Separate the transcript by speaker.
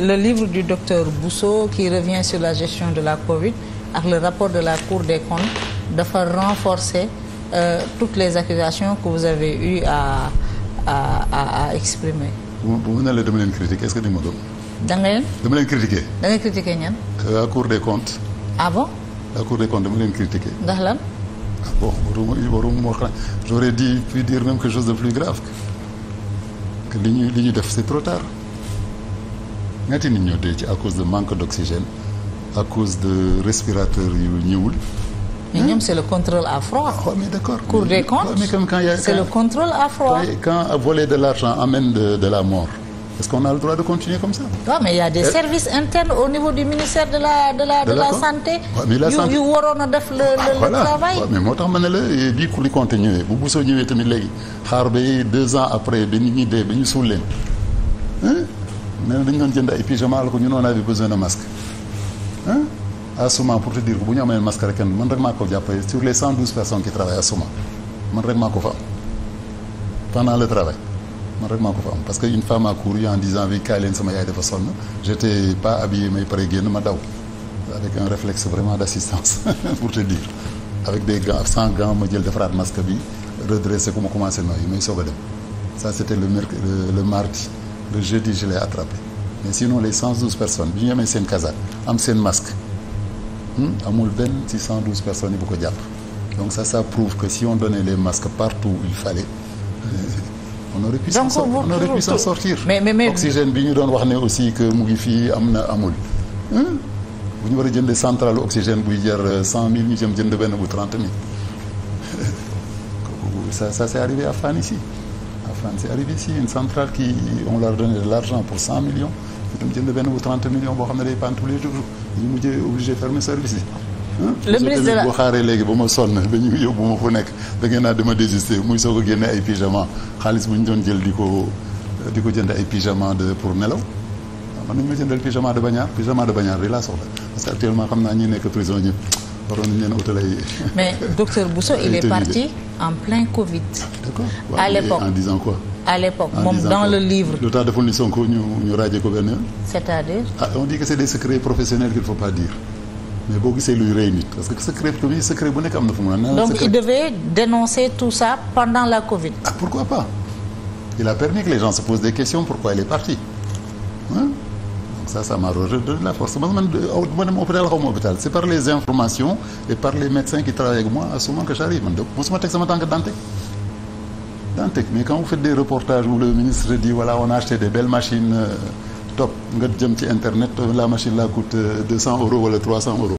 Speaker 1: le livre du docteur Bousso qui revient sur la gestion de la Covid ak le rapport de la Cour des comptes dafa renforcer euh, toutes les accusations que vous avez eu à à à à exprimer.
Speaker 2: bu ne la dama leen critiquer est-ce que ni ma doon. da dama leen critiquer.
Speaker 1: da critiquer ñan.
Speaker 2: Euh, la Cour des comptes. ah la Cour des comptes dama leen critiquer. ndax lan. ah bon waruma waruma wax na j'aurais dit pu dire même quelque chose de plus grave que li ñuy def c'est ñaati nit ñoo dee ci à cause de manque d'oxygène à cause de respirateur yu ñëwul.
Speaker 1: mais ñoom c'est le contrôle à froid. waaw ah, mais d'accord c'est le contrôle à froid.
Speaker 2: quand voler de l'argent amène de la mort. Est-ce qu'on a le droit de continuer comme ça?
Speaker 1: waaw mais il y a des services internes au niveau du ministère de la de la santé. yu waroon a def le le travail.
Speaker 2: moo tax ma ne la bii ku li compte ñëwee bu busoo ñëwee tamit léegi xaar ba deux ans après ba nit ñi dee ba ñu suul nee dañu doon jënd ay pyjama la ko ñu noon avait besoin de masque hein à Souma pour te dire que bu ñu amee masque rek kenn man rek maa ko jàppale sur les cent douze personnes qui man rek maa ko fa am pendant le travail man rek maa ko fa am parce que une femme a couru en disant bi kaay leen sama yaay dafa sonn j'étais pas habillé may pare génn ma daw avec un réflexe vraiment d'assistance pour te dire avec des gants sans gants ma jël defaraat masque bi redressé ko ma commencé nooyi may soog a dem ça c'était le merc le mardi le jeudi je l'ai attrapé mais sinon les 112 personnes bi ñu amee seen casaque am seen masque hmm, amul benn ci 112 personnes yi bu ko jàpp donc ça ça prouve que si on donnait les masques partout où il fallait euh, on aurait pu s'en sortir on bi ñu doon wax ne aussi que mu ngi fii am na amul hmm? bu ñu war a jënd centrale oxygène buy jar 100000 euh, ñu jëm jënd benn bu 30000 ça ça c'est arrivé a Fann ici la France c'est arrivé ici une centrale qui on leur donnait de l'argent pour millions boo xam ne day panne tous les jours ñu mujjee obligé fermer service yi le boo xaaree léegi ba ma sonn ba ñu yóbbu ma fu nekk da ngeen naa dama désister muy soog a génne ay pyjama xaalis bu ñu doon jël di ko di ko jënd ay pyjama de pour nelaw ah, man nañu ma jëndal pyjama de bañaar pyjama de bañaar bi laa soxla parce que actuellement xam naa ñi nekk prison ñëpp waroon nañ leen utal ay.
Speaker 1: mais docteur Bousso il est parti en plein Covid.
Speaker 2: Ah, à l'époque en disant quoi.
Speaker 1: à l'époque moom dans le
Speaker 2: livre. lu tax deful ni Sonko ñu ñu ràjjee ko benn yoon. c'est-à-dire. Ah, on dit que c'est des secrets professionnels qu'il faut pas dire. mais boo gisee luy rëy nit parce que secret bi secret bu nekk am na fu donc il
Speaker 1: devait dénoncer tout ça pendant la Covid.
Speaker 2: Ah, pourquoi pas il a permis que les gens se posent des questions ça ça m'a rejeté de la force man man du ma dem hôpital xaw ma hôpital c'est par les informations et par les médecins qui travaillent avec moi à ce moment que j'arrive man de mosuma teg sama tànk Dantec Dantec mais quand vous faites des reportages où le ministre dit wala on a acheté des belles machines euh, top nga jëm ci internet euh, la machine là coûte 200 euros wala 300 euros